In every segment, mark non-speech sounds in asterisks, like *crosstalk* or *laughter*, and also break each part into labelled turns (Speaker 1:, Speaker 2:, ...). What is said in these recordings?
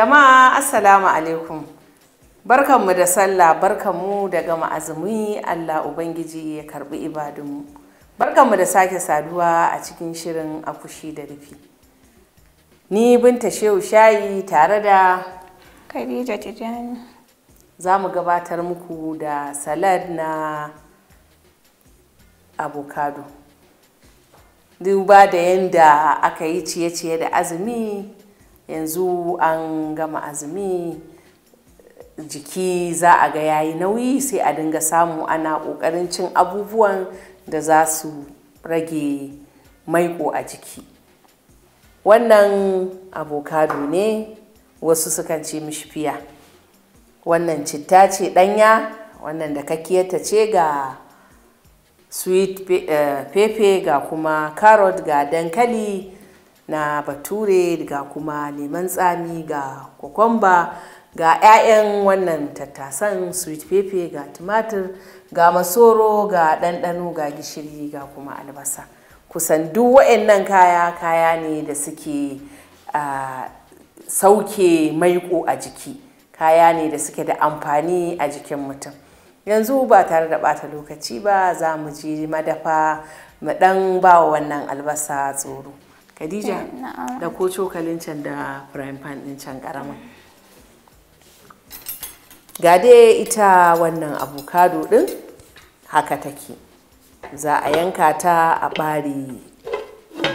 Speaker 1: Jama'a Assalamu alaikum. Barkanmu da sallah, barkanmu da gama azumi Allah Ubangiji ya karbi ibadunmu. Barkanmu da sake saduwa a cikin shirin akushi da rufi. Ni binta Shehu Shayi tare da Khadija Tijani. Za mu gabatar muku da salad na avocado. Duba da yadda aka yi ciye-ciye da azumi yanzu an gama azumi jiki za a ga yayi nauyi sai a dinga samu ana ƙoƙarin cin abubuwan da za su rage maiko a jiki wannan abokado ne wasu sukan ce mishi fiya wannan citta ce ɗanya wannan da kakiyarta ce ga sweet eh, pepe ga kuma carrot ga dankali na bature ga kuma leman tsami ga kokomba ga 'ya'yan wannan tattasan sweet pepper ga tumatir ga masoro ga ɗanɗano ga gishiri ga kuma albasa kusan duk waɗannan kaya kaya ne da suke sauke maiko a jiki kaya ne da suke da amfani a jikin mutum yanzu ba tare da ɓata lokaci ba za mu ji madafa mu ɗan ba wannan albasa tsoro Khadija eh, da ko cokalin can da frying pan din can karamin. Ga dai ita wannan avocado din haka take. Za a yanka ta a bari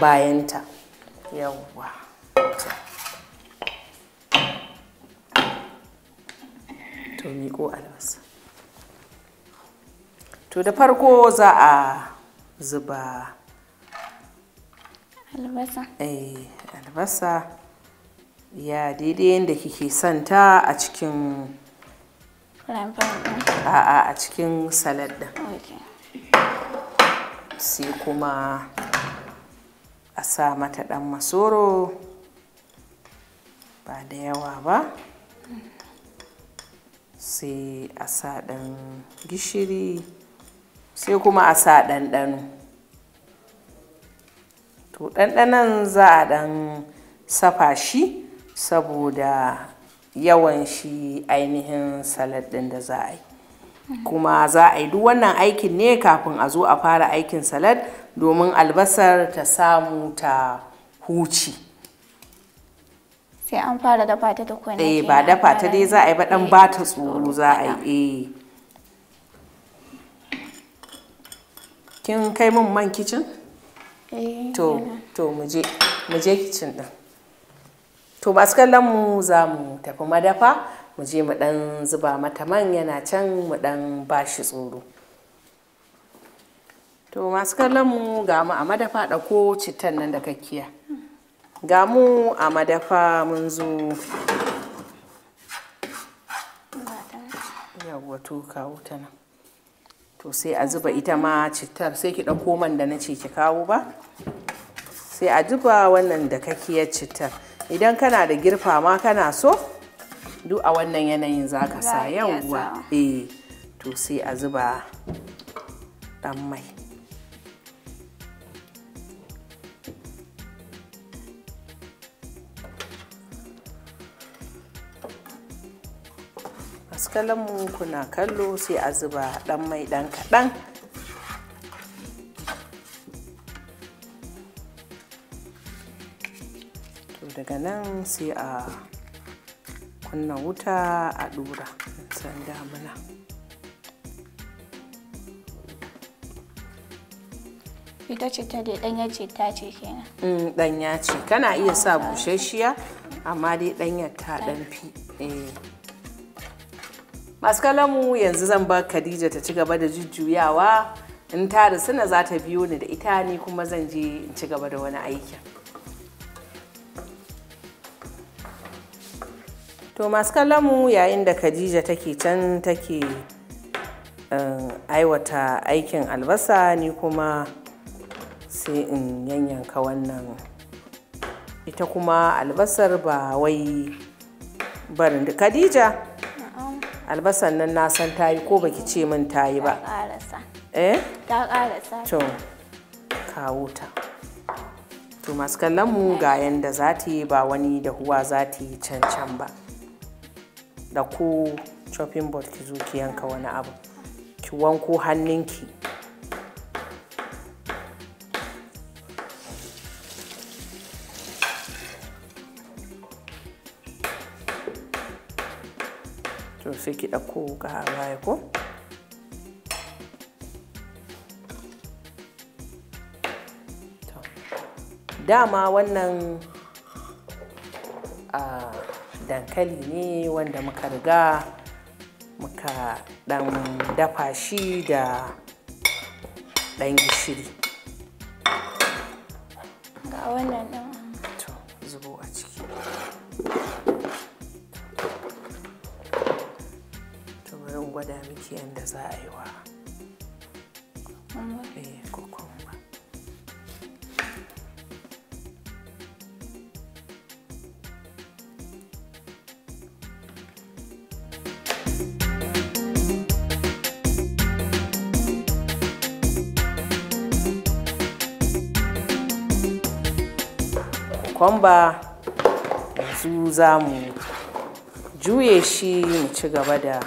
Speaker 1: bayanta. Yawwa. To miƙo albasa. To da farko za a zuba albasa eh albasa ya daidai yadda kike son a cikin a'a a cikin salad din sai kuma a sa mata dan masoro ba da yawa ba sai a sa dan gishiri sai kuma a sa ɗanɗano to ɗanɗanan za a ɗan safa shi saboda yawan shi ainihin salad ɗin da za a yi kuma za a yi duk wannan aikin ne kafin a zo a fara aikin salad domin albasar ta samu ta huci sai an fara dafa ta da kwanaki eh ba dafa ta dai za a yi ba ɗan ba ta tsoro za a yi eh kin kai mun man kicin Eh, to to muje muje kicin din to masu kallon mu za mu tafi madafa mu je mu dan zuba mata man yana can mu dan bashi tsoro to masu kallon mu ga mu a madafa ɗauko cittan nan da kakkiya ga mu a madafa mun zo yawwa to kawo ta nan to sai a zuba ita ma cittar sai ki ɗauko man da na ce ki kawo ba sai a zuba wannan da kakiyar cittar idan kana da girfa ma kana so duk a wannan yanayin za ka sa yawwa eh to sai a zuba ɗan mai mu kuna kallo sai a zuba dan mai dan kaɗan to daga nan sai a kunna wuta a ɗura san damuna ita ce ta dai ɗanya ce ta ce kenan mm, ɗanya ce kana iya sa busasshiya amma dai ɗanyar ta fi eh masu kalamu yanzu zan bar khadija ta ci gaba da jujjuyawa in ta da suna za ta biyo ni da ita ni kuma zan je in ci gaba da wani aikin to masu kalamu yayin da khadija take can take eh, aiwata aikin albasa ni kuma sai in yanyanka wannan ita kuma albasar ba wai barin da khadija albasan nan na san ta yi ko baki ce min ta yi ba eh ta karasa to kawo ta to masu kallon mu ga yanda za ta yi ba wani da huwa za ta yi can ba da ko chopping board ki zo ki yanka wani abu ki wanko hannunki sai ki ɗauko wuka a baya ko dama wannan a dankali ne wanda muka riga muka ɗan dafa shi da ɗan gishiri Kwamba, yanzu za mu juye shi mu ci gaba da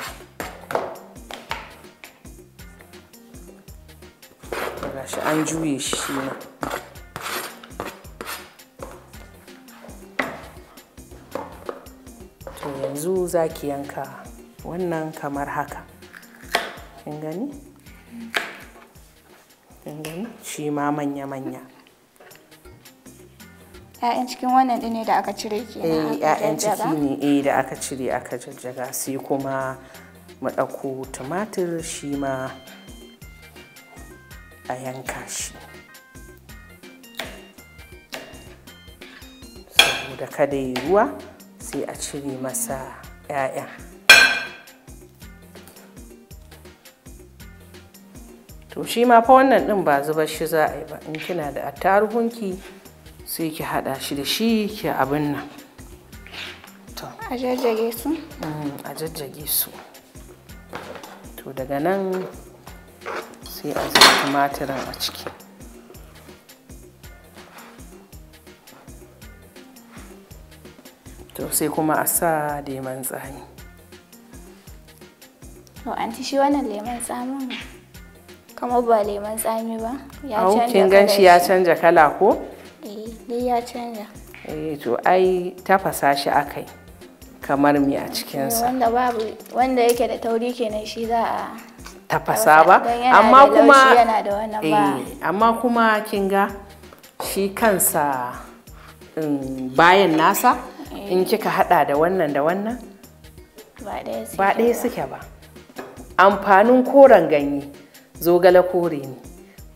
Speaker 1: shi an juye shi ne. to yanzu za ki yanka wannan kamar haka kin gani? kin gani? shi ma manya-manya 'ya'yan cikin wannan ɗin da aka cire ke na eh, 'ya'yan ciki ne eh da aka cire aka jajjaga sai kuma mu ɗauko tumatir shi ma a yanka shi saboda kada yi ruwa sai a cire masa 'ya'ya to shi ma fa wannan ɗin ba zuba shi za a yi ba in kina da attaruhunki sai ki hada shi da shi ki abin nan a jajjage su mm, a jajjage su to daga nan sai a zai tumatirin a ciki to sai kuma a sa leman tsami to an ci shi wannan leman tsamin kamar ba leman tsami ba ya canja kala shi ya canja kala ko Eh, ya canja eh, to ai tafasa shi akai kamar mi a cikinsa eh, wanda babu wanda yake da tauri kenan shi za a tafasa ba amma kuma amma kuma kin ga shi kansa mm, bayan nasa in kika hada da wannan da wannan ba ɗaya suke ba amfanin koren ganye zogale kore ne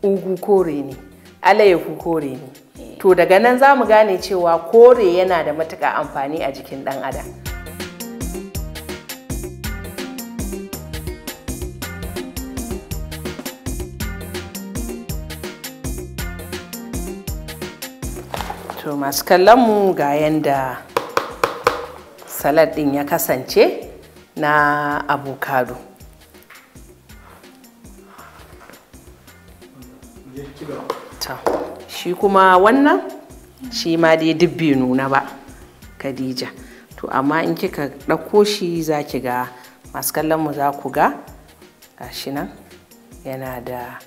Speaker 1: ugu kore ne alayyahu kore ne to daga nan za mu gane cewa kore yana da matuƙa amfani a jikin ɗan adam to masu kallonmu ga yadda salad ɗin ya kasance na avocado shi kuma wannan shi ma dai duk bai nuna ba khadija to amma in kika ɗauko shi za ki ga masu kallonmu za ku ga gashi nan yana da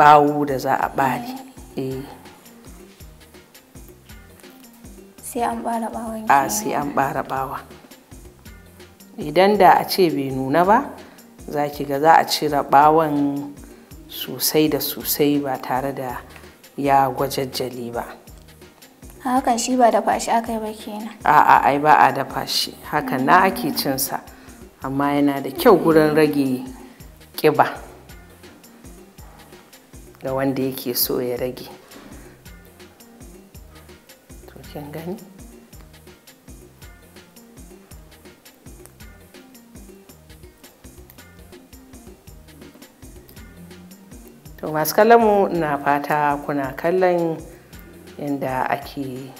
Speaker 1: ɓawo da za a ɓare eh. sai an ɓara ɓawa idan da a ce bai nuna ba za ki ga za a cire ɓawon sosai da sosai ba tare da ya gwajajjali ba hakan shi ba dafa shi aka yi ba kenan a'a ai ba a dafa shi hakan na ake cinsa amma yana da kyau gurin rage ƙiba ga wanda yake so ya rage to gani to masu kallon mu na fata kuna kallon inda ake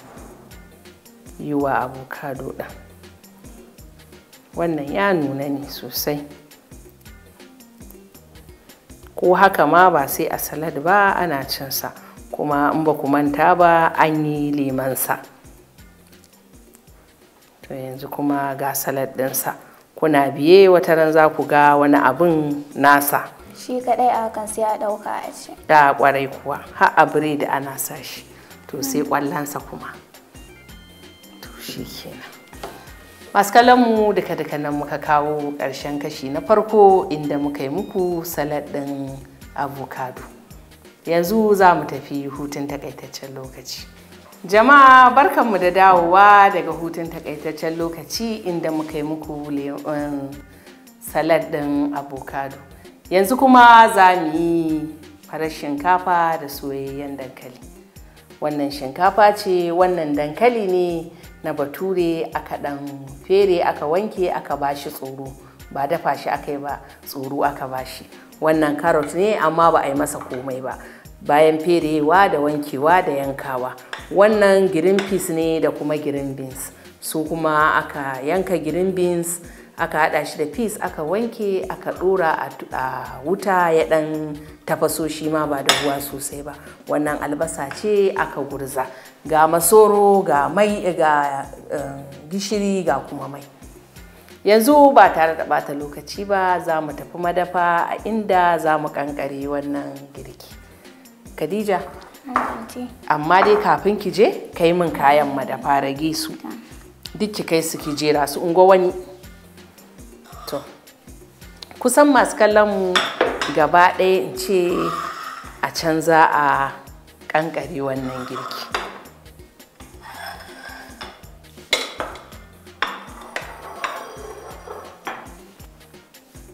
Speaker 1: yi wa abuka doda. wannan ya nuna ne sosai ko haka ma ba sai a salad ba ana cinsa kuma in ba ku manta ba an yi limansa to yanzu kuma ga salad ɗinsa kuna biye wataran za ku ga wani abin nasa shi kadai a kan sai a dauka a ci da kwarai kuwa har a biredi ana sa shi to sai kwallonsa kuma to shi kenan masu mu duka duka nan muka kawo ƙarshen kashi na farko inda muka yi muku salad ɗin avocado yanzu za mu tafi hutun takaitaccen lokaci jama'a barkanmu da dawowa daga hutun takaitaccen lokaci inda muka yi muku um, salad ɗin avocado yanzu kuma za mu yi farar shinkafa da soyayyen dankali wannan shinkafa ce wannan dankali ne na bature aka dan fere aka wanke aka bashi tsoro ba dafa shi aka yi ba tsoro aka bashi wannan carrot ne amma ba a yi masa komai ba bayan ferewa da wankewa da yankawa wannan green peas ne da kuma green beans su kuma aka yanka green beans aka hada shi da peas aka wanke aka dora a wuta ya dan tafaso shi ma ba da ruwa sosai ba wannan albasa ce aka gurza ga masoro ga mai ga eh, gishiri ga kuma mai yanzu ba tare da bata lokaci ba za mu tafi madafa a inda za mu kankare wannan girki khadija amma dai kafin ki je kai min kayan madafa rage su duk kai su ki jera su ungo wani kusan masu kallon mu gaba ɗaya in ce a can za a ƙanƙare wannan girki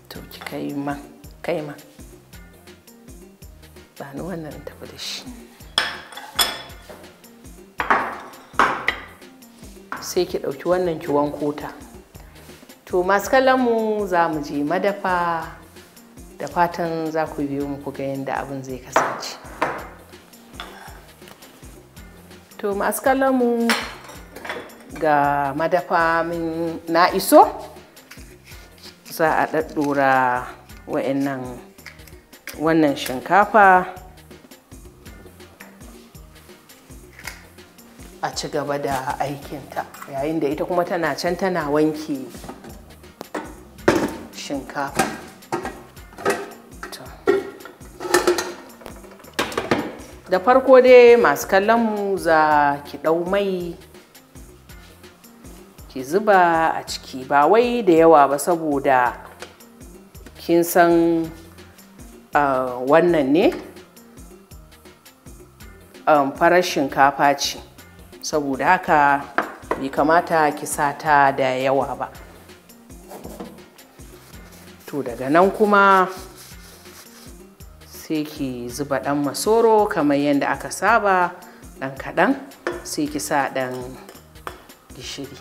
Speaker 1: to ki ba ni wannan tafi da shi sai ki ɗauki wannan ki wanko ta to masu kallon za mu je madafa da fatan za ku biyo mu ku ga yadda abin zai kasance to masu kallon ga madafa min na iso za a ɗaɗɗora wa'annan wannan shinkafa a ci gaba da aikinta yayin da ita kuma tana can tana wanke shinkafa da farko dai masu kallon mu za ki ɗau mai ki zuba a ciki ba wai da yawa ba saboda kin san wannan ne um, farar shinkafa ce saboda haka bai kamata ki sata da yawa ba to daga nan kuma sai ki zuba ɗan masoro kamar yadda aka saba ɗan kaɗan sai ki sa ɗan gishiri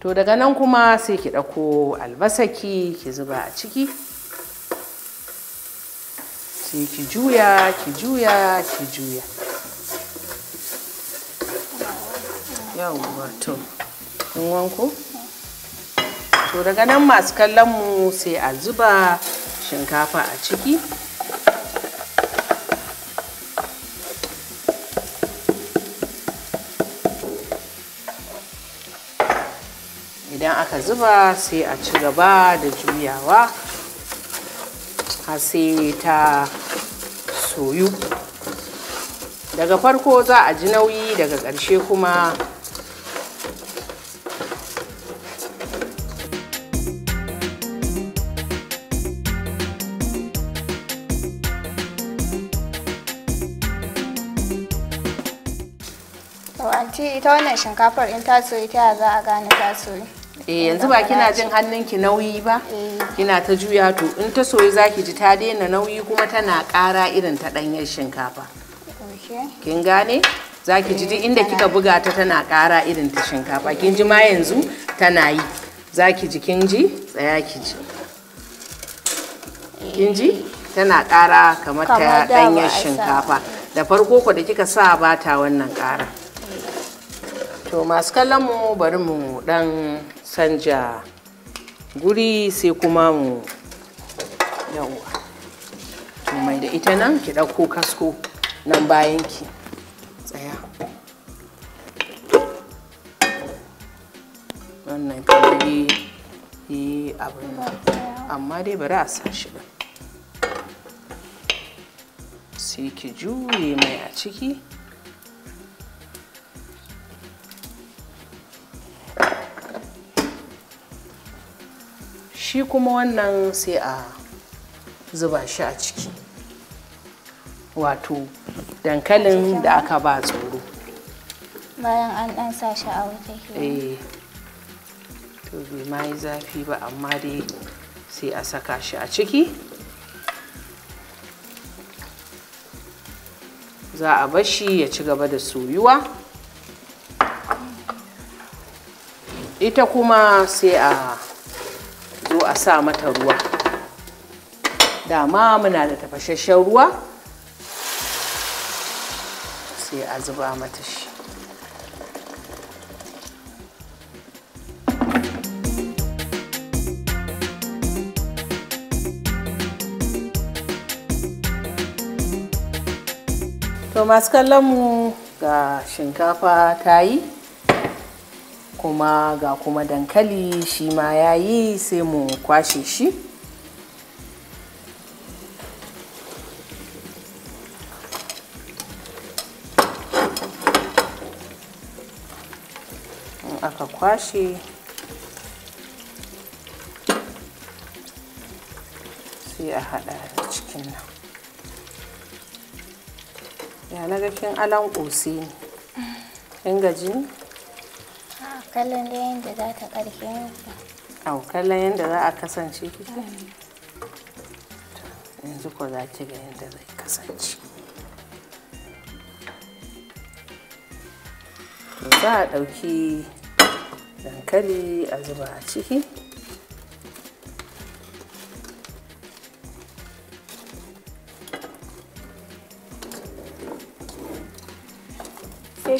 Speaker 1: to daga nan kuma sai ki ɗauko albasaki ki zuba a ciki sai ki juya ki juya ki juya yawon wato in wanko to daga nan masu kallon mu sai a zuba shinkafa a ciki idan aka zuba sai a ci gaba da juyawa har sai ta soyu daga farko za a ji nauyi daga ƙarshe kuma anti ita wannan shinkafar in ta soyi ta za a gane ta soyi eh yanzu ba kina jin hannunki nauyi ba eh. kina ta juya to in ta soyi zaki ji ta daina nauyi kuma tana ƙara irin ta ɗanyar shinkafa kin gane zaki ji duk inda eh, kika buga ta tana ƙara irin ta shinkafa kin ji ma yanzu tana yi zaki ji kin ji tsaya ki ji kin ji tana ƙara kamar ta ɗanyar shinkafa da farko ku da kika sa ba ta wannan ƙara to masu kallon mu bari mu dan sanja guri sai kuma mu to mai da ita nan ki ɗauko kasko nan bayan ki tsaya wannan kamar yi abin amma dai bari a sa shi sai ki juye mai a ciki shi kuma wannan sai a zuba shi a ciki wato dankalin da aka ba tsoro bayan an dan sa shi a wuce eh to bai ma yi zafi ba amma dai sai a saka shi a ciki za a bar shi ya ci gaba da soyuwa ita kuma sai a a sa mata ruwa dama muna da tafashashen ruwa sai a zuba mata shi to masu kallon mu ga shinkafa ta yi kuma ga kuma dankali shi ma ya yi sai mu kwashe shi aka kwashe sai a hada da cikin nan ya na kin alan ƙosi ne kin gaji kallon da yadda za ta au kallon yadda za a kasance kike yanzu ko za ki ga yadda zai kasance za a ɗauki dankali a zuba a ciki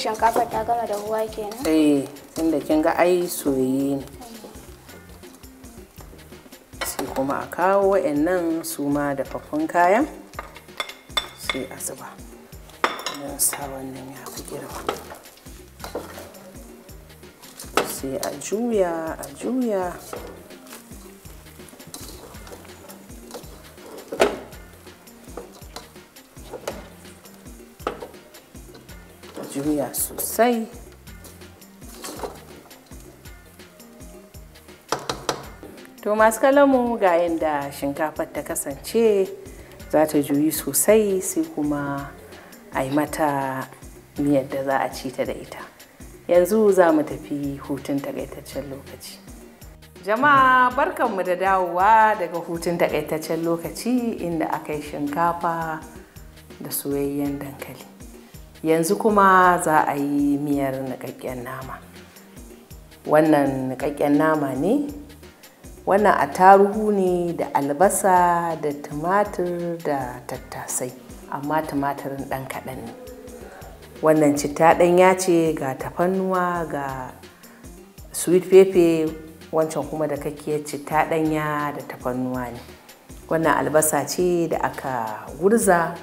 Speaker 1: shinkafa ta gama da ruwa kenan eh tunda kin ga ai soyayye ne sai kuma a kawo wa'annan su ma dafaffun kayan sai a zuba don sa wannan ya fi girma sai a juya a juya juya sosai to masu kalamu ga yadda shinkafar ta kasance za ta juyi sosai sai kuma a yi mata miyar da za a ci ta da ita yanzu za mu tafi hutun takaitaccen lokaci jama'a barkanmu da dawowa daga hutun takaitaccen lokaci inda aka yi shinkafa da soyayyen dankali yanzu kuma za a yi miyar niƙaƙƙen nama wannan niƙaƙƙen nama ne wannan attaruhu ne da albasa da tumatir da tattasai amma tumatirin ɗan kaɗan ne wannan citta ɗanya ce ga tafannuwa ga sweet pepper wancan kuma da kakiyar citta ɗanya da tafannuwa ne wannan albasa ce da aka gurza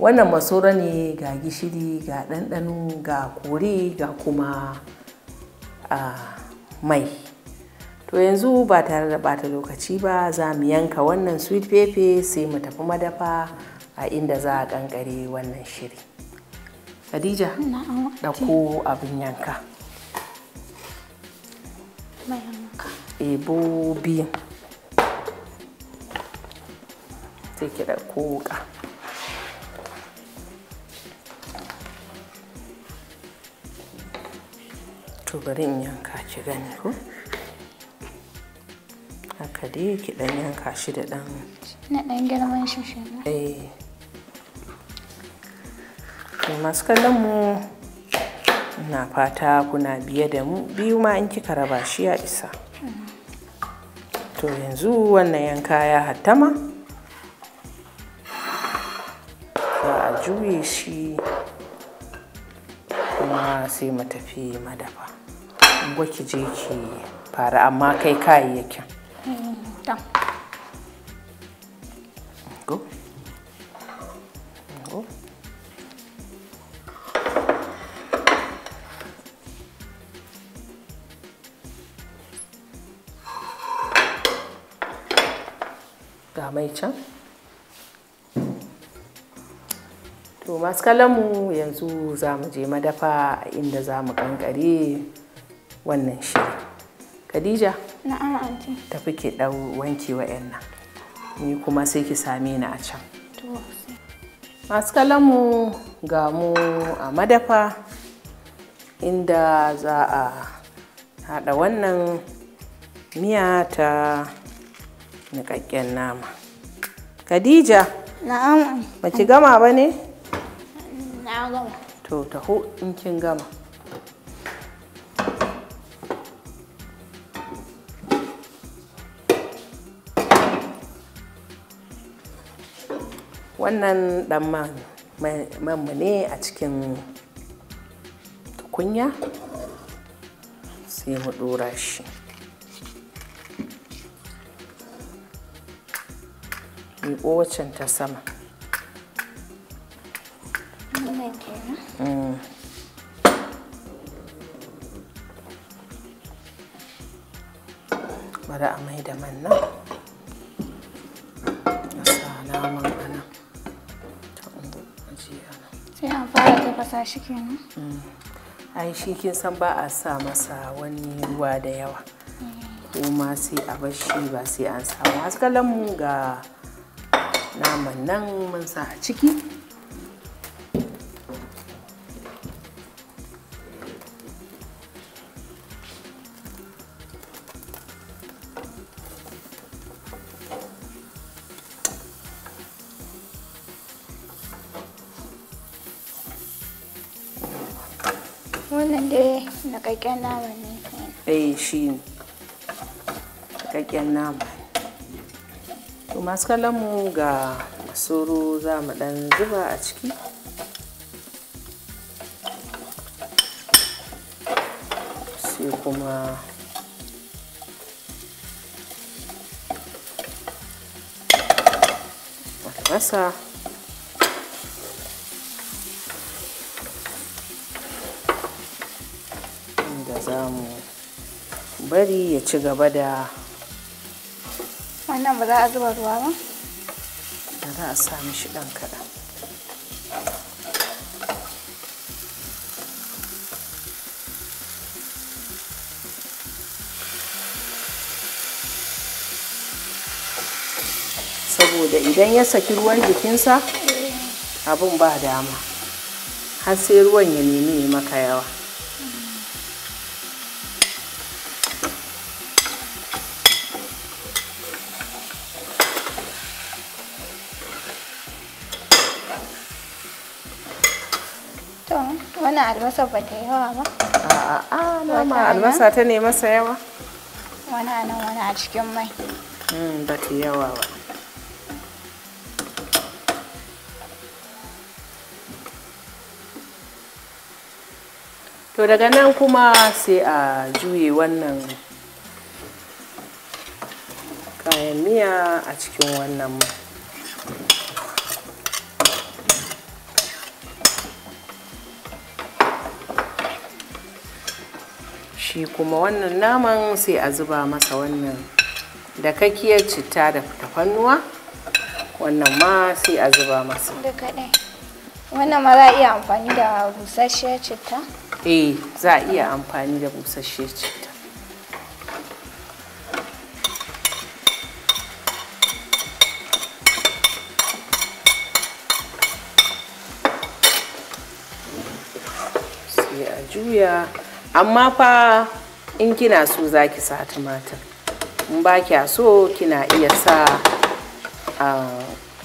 Speaker 1: wannan masoro ne ga gishiri ga ɗanɗano ga kore ga kuma mai to yanzu ba tare da bata lokaci ba za mu yanka wannan sweet pepe sai mu tafi madafa a inda za a kankare wannan shiri khadija da ko abin yanka ebo biyan take da ko to bari in yanka ki gani ko haka dai ki dan yanka shi da dan na dan girman shi shi eh to masu mu ina fata kuna biye da mu biyu ma in kika raba shi ya isa to yanzu wannan yanka ya hattama za a juye shi kuma sai mu tafi madafa gwaki je ki fara amma kai kayayyakin ga mai can to masu mu yanzu za mu je madafa inda za mu kankare wannan shiri khadija na'am anti tafi ki dau wanki nan. ni kuma sai ki same ni a can masu kalamu ga mu a madafa inda za a haɗa wannan miya ta niƙaƙƙen nama khadija na'am ba ki gama ba ne na gama to taho in kin gama wannan dan man manmu ne a cikin tukunya sai mu dora shi miƙo kowacin ta sama mm. bari amai da manna tafasa shi kenan mm. ai shi kin san ba a sa masa wani ruwa da yawa ko mm. ma sai a bar shi ba sai an samu haskalan mu ga naman nan mun sa a ciki shi ne nama to masu kallonmu ga masoro za mu dan zuba a ciki sai kuma masa bari ya ci gaba da wannan ba za a zuba ruwa ba da za a sa mishi ɗan kaɗan saboda idan ya saki ruwan jikinsa abin ba dama har sai ruwan ya nemi maka yawa wannan albasa ba ta yawa ba a'a mama albasa ta ne masa yawa wani nan wani a cikin mai hmm, ba ta yawa ba to daga nan kuma sai a juye wannan kayan miya a cikin wannan mai shi kuma wannan naman sai a zuba masa wannan da kakiyar citta da tafannuwa wannan ma sai a zuba masa wannan ma za a iya amfani da busasshiyar citta? eh za a iya amfani da busasshiyar citta sai a juya amma fa in kina so za ki sa tumatir in ba kya so kina iya sa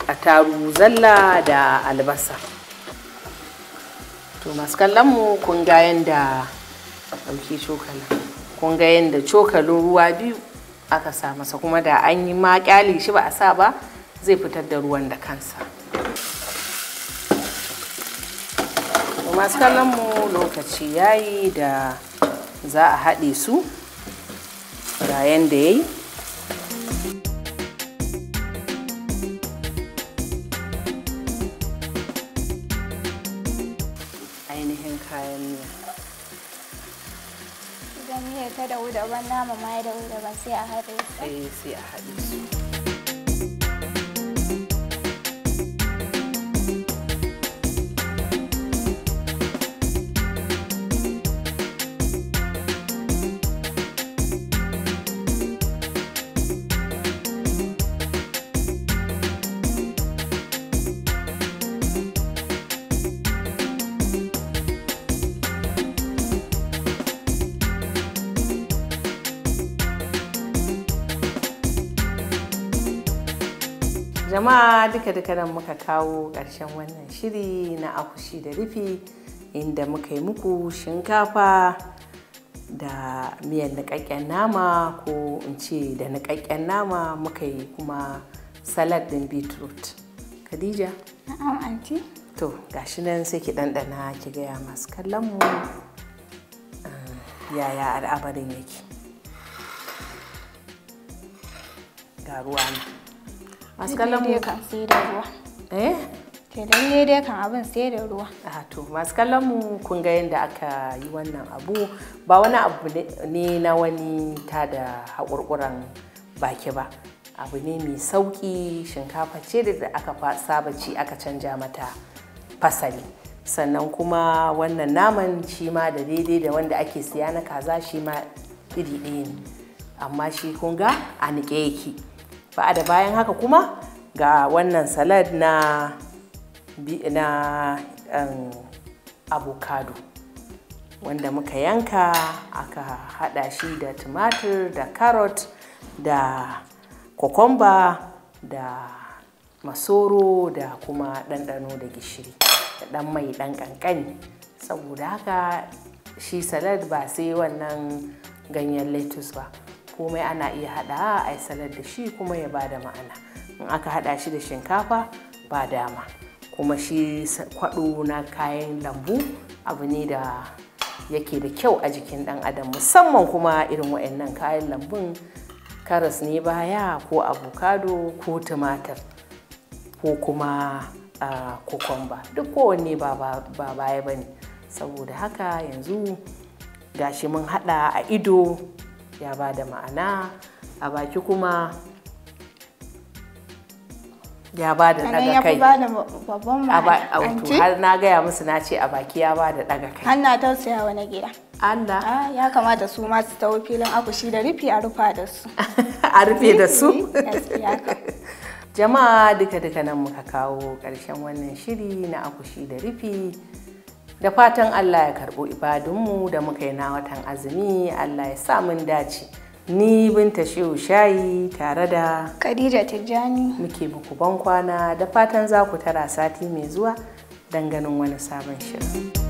Speaker 1: a taru zalla da albasa to masu kallonmu kun ga yadda cokalin kun ga yadda cokalin ruwa biyu aka sa masa kuma da an yi ma shi ba a sa ba zai fitar da ruwan da kansa masu kallon mu lokaci yayi da za a haɗe su da ya yi. ainihin kayan miya idan miya ta wuda daban nama ma ya dawo daban sai a haɗe su eh, sai a haɗe su jama duka-duka nan muka kawo ƙarshen wannan shiri na akushi da rufi inda muka yi muku shinkafa da miyan niƙaƙƙen nama ko in ce da niƙaƙƙen nama muka yi kuma salad din beetroot khadija na'am anti to gashi nan sai ki ɗanɗana ki gaya masu kallon mu ah, yaya al'amarin yake ga ruwa
Speaker 2: masu kallon mu
Speaker 1: sai da eh? dai kan abin sai da ruwa a to masu kallon mu kun ga yadda aka yi wannan abu ba wani abu ne na wani ta da haƙurƙuran baki ba abu ne mai sauƙi shinkafa ce da aka saba ci aka canja mata fasali sannan kuma wannan naman shi ma da daidai da wanda ake siya na kaza shi ma iri ɗaya ne amma shi kun ga a niƙe yake ba da bayan haka kuma ga wannan salad na na um, avocado wanda muka yanka aka hada shi da tumatir da carrot da kokomba da masoro da kuma ɗanɗano da gishiri da ɗan mai ɗan ƙanƙani saboda haka shi salad ba sai wannan ganyen lettuce ba komai ana iya haɗa a yi da shi kuma ya bada ma'ana in aka haɗa shi da shinkafa ba dama kuma shi kwaɗo na kayan lambu abu ne da yake da kyau a jikin ɗan adam musamman kuma irin wa'annan kayan lambun karas ne baya ko avocado ko tumatir ko kuma uh, kokomba duk kowanne ba baya ba ne saboda haka yanzu gashi mun hada a ido ya ba da ma'ana a baki kuma ya ba da daga kai har na gaya musu na ce a baki ya ba da daga kai su tausayawa na gida Allah ah, ya kamata su ma su tawo filin akushi da rufi a rufa da su *laughs* a rufe da su jama'a duka duka nan muka kawo ƙarshen wannan shiri na akushi da rufi da fatan Allah ya karɓo ibadunmu da muka yi na watan azumi Allah ya sa mun dace ni binta shehu shayi tare da Khadija Tijjani muke muku ban kwana da fatan za ku tara sati mai zuwa don ganin wani sabon shirin.